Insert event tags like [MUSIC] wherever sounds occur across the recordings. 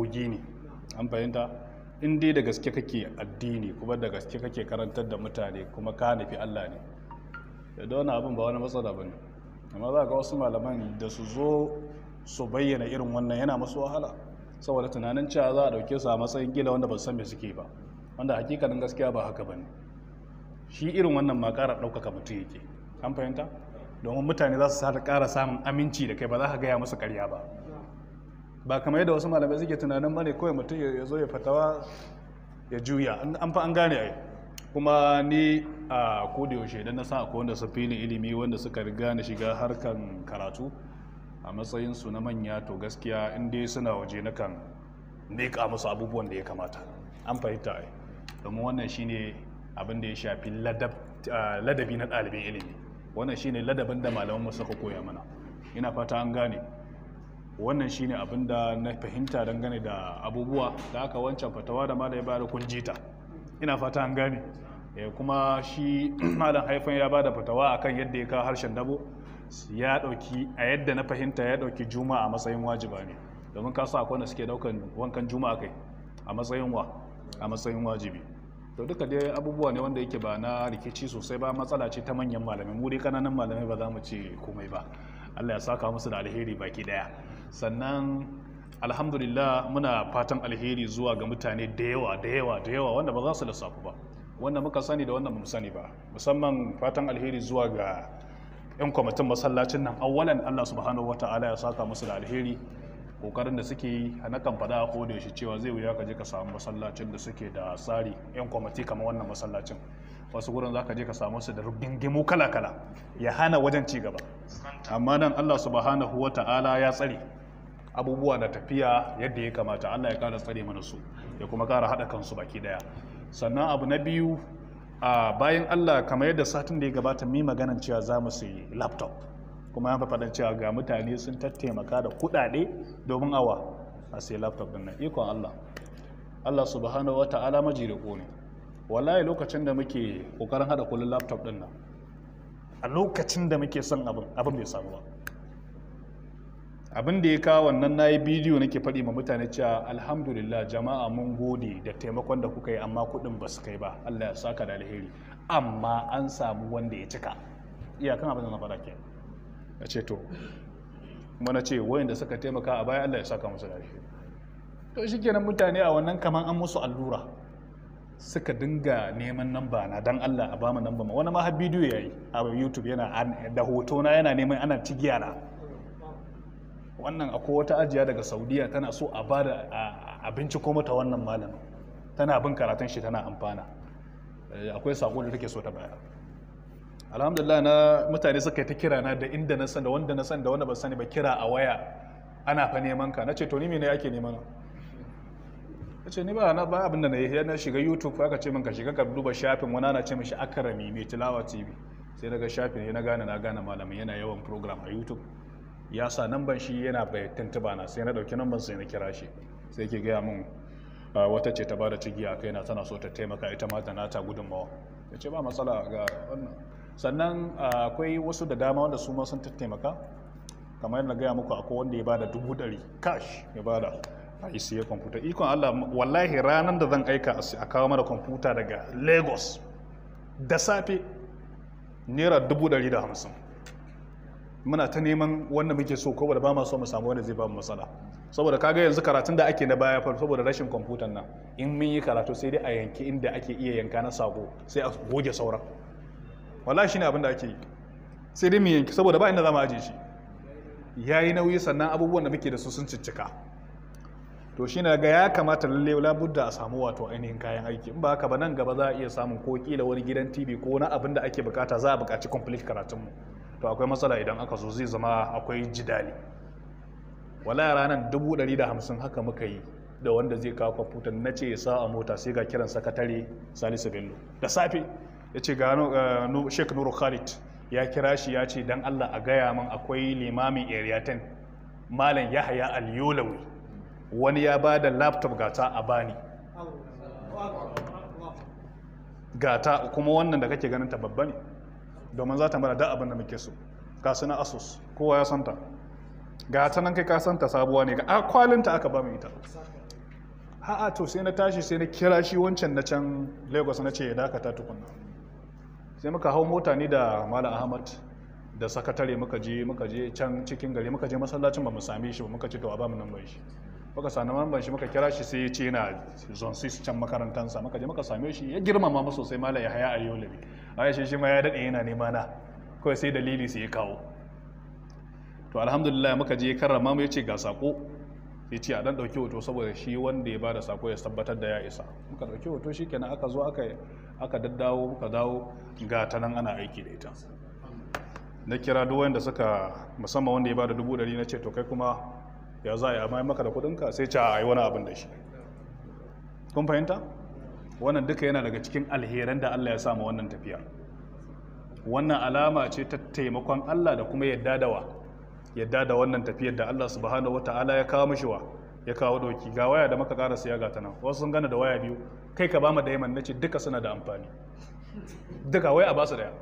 kogi ne an fahimta in dai da gaske kake addini kuma da gaske kake karantar da mutane kuma ka nufi Allah ne eh, da wani abin ba wani matsala ba ne amma za ga wasu malaman da su zo su bayyana irin wannan yana masu wahala saboda tunanin cewa za a dauke su a matsayin gila wanda ba san me suke ba wanda hakikanin gaskiya ba haka ba ne shi irin wannan ma ƙara ɗaukaka mutum yake an fahimta domin mutane za su sa ƙara samun aminci da kai ba za ka gaya musu ƙarya ba ba kamar yadda wasu malamai suke tunanin bane kawai mutum ya zo ya fatawa ya juya an fa an gane kuma ni a koda yaushe idan na san ko wanda su filin ilimi wanda suka riga na shiga harkan karatu a matsayin su na manya to gaskiya in dai suna waje na kan miƙa musu abubuwan da ya kamata an fahimta ai domin wannan shine abin da ya shafi ladabi na ɗalibin ilimi wannan shine ladabin da malaman mu suka koya mana ina fata an gane wannan shine abin da na fahimta dangane da abubuwa da aka wancan fatawa da malai bada kun jita ina fata an gane eh, kuma shi [CLEARS THROAT] malam haifan ya bada fatawa akan yadda ya kawo harshen dabo ya dauki a yadda na fahimta ya dauki juma'a a matsayin wajiba ne domin ka sa akwai suke daukan wankan juma'a kai a matsayin wa a matsayin wajibi to duka dai abubuwa ne wanda yake ba na rikici sosai ba matsala ce ta manyan malamai mu dai kananan malamai ba za mu ce komai ba Allah ya saka musu da alheri baki daya sannan alhamdulillah muna fatan alheri zuwa ga mutane da yawa da yawa da yawa wanda ba za su lissafu ba wanda muka sani da wanda mu sani ba musamman fatan alheri zuwa ga 'yan kwamitin masallacin nan awwalan Allah subhanahu ta'ala ya saka musu da alheri kokarin da suke yi na kan fada ko da yaushe cewa zai wuya ka je ka samu masallacin da suke da tsari yan kwamiti kamar wannan masallacin wasu gurin za ka je ka samu su da rubin gimu kala-kala ya hana wajen ci gaba amma nan Allah subhanahu ta'ala ya tsare abubuwa na tafiya yadda ya kamata Allah ya kara tsare mana su ya kuma kara haɗa kansu baki daya sannan abu na biyu a bayan Allah kamar yadda satin da ya gabata mai maganan cewa za mu sayi laptop kuma ya faɗa cewa ga mutane sun tattaimaka da kuɗaɗe domin awa a sayi laptop din nan ikon Allah Allah subhanahu wa ta'ala majiriko ne wallahi lokacin da muke kokarin hada kullun laptop din nan a lokacin da muke son abin abin bai samu ba abin da ya kawo wannan na yi bidiyo nake faɗi ma mutane cewa alhamdulillah jama'a mun gode da taimakon da kuka yi amma kuɗin ba su kai ba allah ya saka da alheri amma an samu wanda ya cika iyakan abin da na faɗa ke a ce to kuma na ce wayanda suka taimaka a baya allah ya saka musu da alheri to shi kenan mutane a wannan kaman an musu allura suka dinga neman namba na dan allah a bamu namba ma wani ma har bidiyo ya yi a youtube yana da hoto na yana neman ana cigiya na wannan akwai wata ajiya daga saudiya tana so a ba da abinci ko mata wannan malamin tana bin karatun shi tana amfana eh, akwai sako da take so ta bayar alhamdulillah na mutane suka yi ta kira na da inda na san da wanda na san da wanda ba sani ba kira a waya ana fa neman ka na ce toni ni yake neman na ce ni ba na ba abin da na yi na shiga youtube aka ce min ka shiga ka duba shafin wani ana ce mishi akarami mai tilawa tv sai daga shafin na gane na gane malamin yana yawan program a youtube ya sa namban shi yana bai tuntuba na sai na ɗauki namban sai na kira shi sai ke gaya mun ah, wata ce ta bada cigiya kai na tana so ta taimaka ita ma da nata gudunmawa ya ce ba matsala ga wannan sannan ah, akwai wasu da dama wanda su ma sun taimaka kamar yadda gaya muku akwai wanda ya bada dubu ɗari cash ya bada a yi siya kwamfuta ikon allah wallahi ranar da zan aika a kawo mana kwamfuta daga lagos da safe naira dubu ɗari da hamsin muna ta neman wanda muke so ko ba ma so mu samu wanda zai ba mu matsala saboda kaga yanzu karatun da ake na baya fa saboda rashin kwamfutan nan in mun yi karatu sai dai a yanki inda ake iya yanka na sako sai a goge sauran wallahi shine abin da ake yi sai dai mu yanki saboda ba inda za mu aje shi yayi nauyi sannan abubuwan da muke da su sun ciccika to shi na ga ya kamata lalle labudda a samu wato ainihin kayan aiki in ba haka ba nan gaba za a iya samun ko kila wani gidan tv ko na abin da ake bukata za a bukaci complete mu. to akwai matsala idan aka zo zai zama akwai jidali wala ranar 150 haka muka yi da wanda zai kawo kwafutan na ce sa a mota sai ga kiran sakatare salisu bello da safe ya ce ga eh, sheik nuru khalid ya kira shi ya ce don allah a gaya min akwai limamin area malam yahaya al wani ya ba da laptop gata a bani gata kuma wannan da kake ganin ta babba ne domin za ta mara da abin da muke so ga suna asus kowa ya santa ga ta nan kai ka santa sabuwa ne ga akwalinta aka ba mu ita ha'a to sai na tashi sai na kira shi wancan na can lagos na ce ya dakata tukunna sai muka hau mota ni da malam ahmad da sakatare muka je muka je can cikin gari muka je masallacin ba mu same shi ba muka ci to a ba mu nan bai shi muka sami mamban shi muka kira shi sai ya ce yana zon 6 can makarantansa muka je muka same shi ya girmama mu sosai malam Yahaya Ayyolabi Aisha shi ma ya daɗe yana nema na kawai sai dalili sai ya kawo to alhamdulillah muka je karrama mu ce ga sako ya ce a dan dauki hoto saboda shi wanda ya ba da sako ya tabbatar da ya isa muka ɗauki hoto shi kenan aka zo aka aka daddawo muka dawo ga ta nan ana aiki da ita na kira duk wanda suka musamman wanda ya ba da dubu ɗari na ce to kai kuma ya za a yi mai maka da kudinka sai ca a yi wani abin da shi kun fahimta wannan duka yana daga cikin alheran da allah ya samu wannan tafiya wannan alama ce ta taimakon allah da kuma yadda da wa yadda da wannan tafiyar da allah subhanahu wata'ala ya kawo mishi wa ya kawo doki ga waya da maka karasa ya ga nan wasu sun gana da waya biyu kai ka ba mu da yaman nace duka suna da amfani duka wai a ba su daya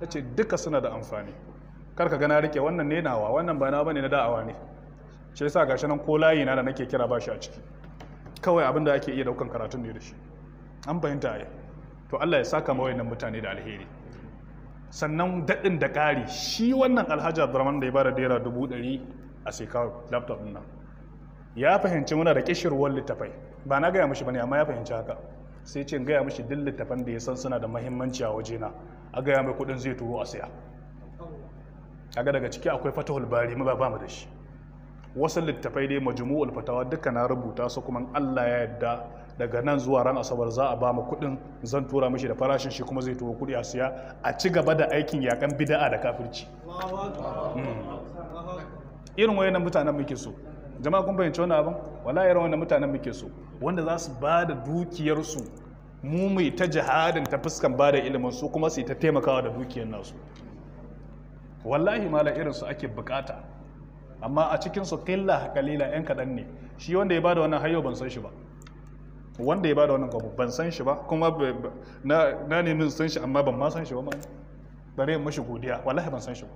nace duka suna da amfani Kar ka gana rike wannan ne nawa wannan ba na bane na da'awa ne shi yasa gashi nan ko layi na da nake kira ba shi a ciki kawai abin da ake iya daukan karatun ne da shi an fahimta ya to Allah ya saka ma nan mutane da alheri sannan daɗin da ƙari shi wannan alhaji abdurrahman da ya bada naira dubu ɗari a shekarar laptop nan ya fahimci muna da kishirwar littafai ba na gaya mishi bane amma ya fahimci haka sai ce gaya mishi duk littafan da ya san suna da mahimmanci a na. a gaya mai kuɗin zai turo a siya kaga daga ciki akwai fatahul bari mu ba mu da shi wasu littafai dai majmu'ul fatawa duka na rubuta su kuma Allah ya yadda daga nan zuwa ran asabar za a ba mu kuɗin zan tura mishi da farashin shi kuma zai tura kuɗi a siya a ci gaba da aikin yakan bida'a da kafirci hmm. irin wayannan mutanen muke so jama'a kun fahimci wani abin wala irin wayannan mutanen muke so wanda za su ba da dukiyarsu mu mai ta jihadin ta fuskan ba da ilimin su kuma su ta taimakawa da dukiyar nasu wallahi mala irin su ake bukata amma a cikin su qilla kalila yan kadan ne shi wanda ya bada wannan hayo ban san shi ba wanda ya bada wannan kwabo ban san shi ba kuma na na ne min san shi amma ban ma san shi ba ma bare in mashi godiya wallahi ban san shi ba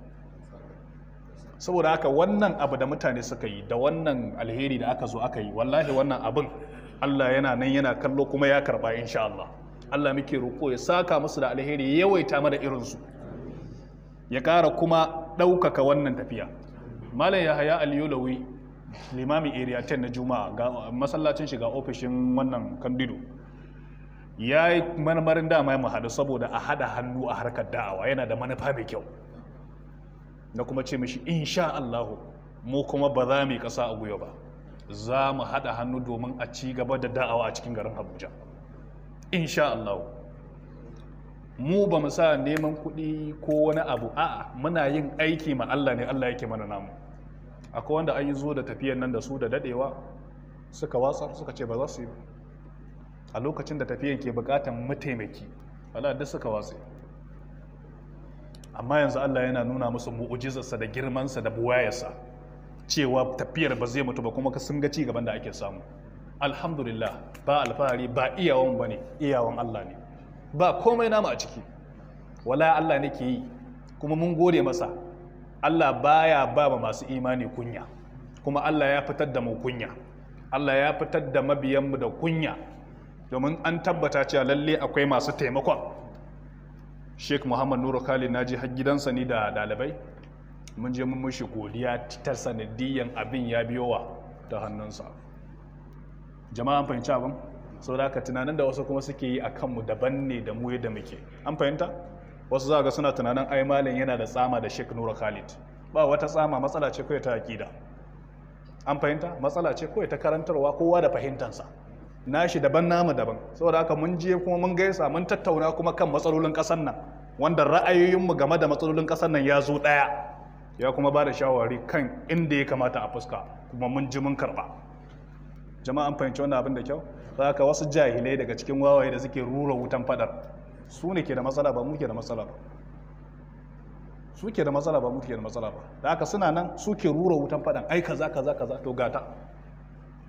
saboda haka wannan abu da mutane suka yi da wannan alheri da aka zo aka yi wallahi wannan abin Allah yana nan yana kallo kuma ya karba insha Allah Allah muke roƙo ya saka musu da alheri yawaita mana irinsu ya ƙara kuma ɗaukaka wannan tafiya malam yahaya aliyulawi limamin area 10 na juma'a ga masallacin shiga ofishin wannan kandido ya yi marmarin dama ya haɗu saboda a haɗa hannu a harkar da'awa yana da manufa mai kyau na kuma ce mishi insha Allahu mu kuma ba za mu yi ƙasa a guyo ba za mu haɗa hannu domin a ci gaba da da'awa a cikin garin Abuja insha Allahu mu ba mu sa neman kuɗi ko wani abu a'a muna yin aiki ma Allah ne Allah yake mana namu akwai wanda an yi zo da tafiyan nan da su da dadewa suka watsa? suka ce ba za su yi a lokacin da tafiyan ke bukatan mataimaki wala da suka watsa amma yanzu Allah yana nuna musu mu'ujizarsa da girmansa da buwayarsa cewa tafiyar ba zai mutu ba kuma sun ga ci gaban da ake samu alhamdulillah ba alfahari ba iyawan bane iyawan Allah ne ba komai namu a ciki wala Allah ne ke yi kuma mun gode masa Allah baya ba ba masu imani kunya kuma Allah ya fitar da mu kunya Allah ya fitar da mabiyanmu da kunya domin an tabbata cewa lalle akwai masu taimakon Sheikh Muhammad Nuru Khalid naji har gidansa ni da dalibai mun je mun mushi godiya ta sanadiyyan abin ya biyowa ta hannunsa jama'an fahimci abin saboda haka tunanin da wasu kuma suke yi a kanmu daban ne da mu yadda muke an fahimta wasu za ga suna tunanin ai malin yana da tsama da Sheikh Nura Khalid ba wata tsama matsala ce kawai ta akida an fahimta matsala ce kawai ta karantarwa kowa da fahimtansa nashi daban namu daban saboda haka mun je kuma mun gaisa mun tattauna kuma kan matsalolin ƙasar nan wanda ra'ayoyinmu game da matsalolin ƙasar nan ya zo ɗaya ya kuma ba da shawari kan inda ya kamata a fuska kuma mun ji mun karɓa jama'an fahimci wannan abin da kyau haka wasu jahilai daga cikin wawaye da suke rura wutan fadar su ne ke da matsala ba muke da matsala ba su ke da matsala ba muke da matsala ba da haka suna nan su ke rura wutan fadan ai kaza kaza kaza to gata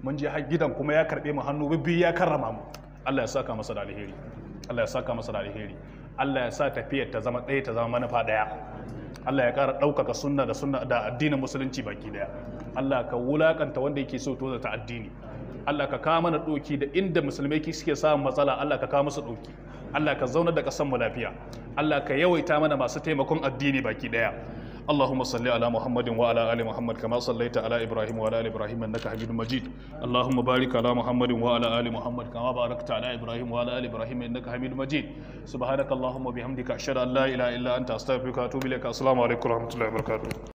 mun je gidan kuma ya karbe mu hannu bibbi ya karrama mu Allah ya saka masa da alheri Allah ya saka masa da alheri Allah ya sa tafiyar ta zama ɗaya ta zama manufa ɗaya Allah ya ƙara ɗaukaka sunna da sunna da addinin musulunci baki ɗaya Allah ka wulakanta wanda yake so to ta addini Allah ka kawo mana doki da inda musulmai ki suke samun matsala Allah ka kawo musu doki Allah ka zauna da kasan mu lafiya Allah ka yawaita mana masu taimakon addini baki daya اللهم صل على محمد وعلى ال محمد كما صليت على ابراهيم وعلى ال ابراهيم انك حميد مجيد اللهم بارك على محمد وعلى ال محمد كما باركت على ابراهيم وعلى ال ابراهيم انك حميد مجيد سبحانك اللهم وبحمدك اشهد ان لا اله الا انت استغفرك واتوب اليك السلام عليكم ورحمه الله وبركاته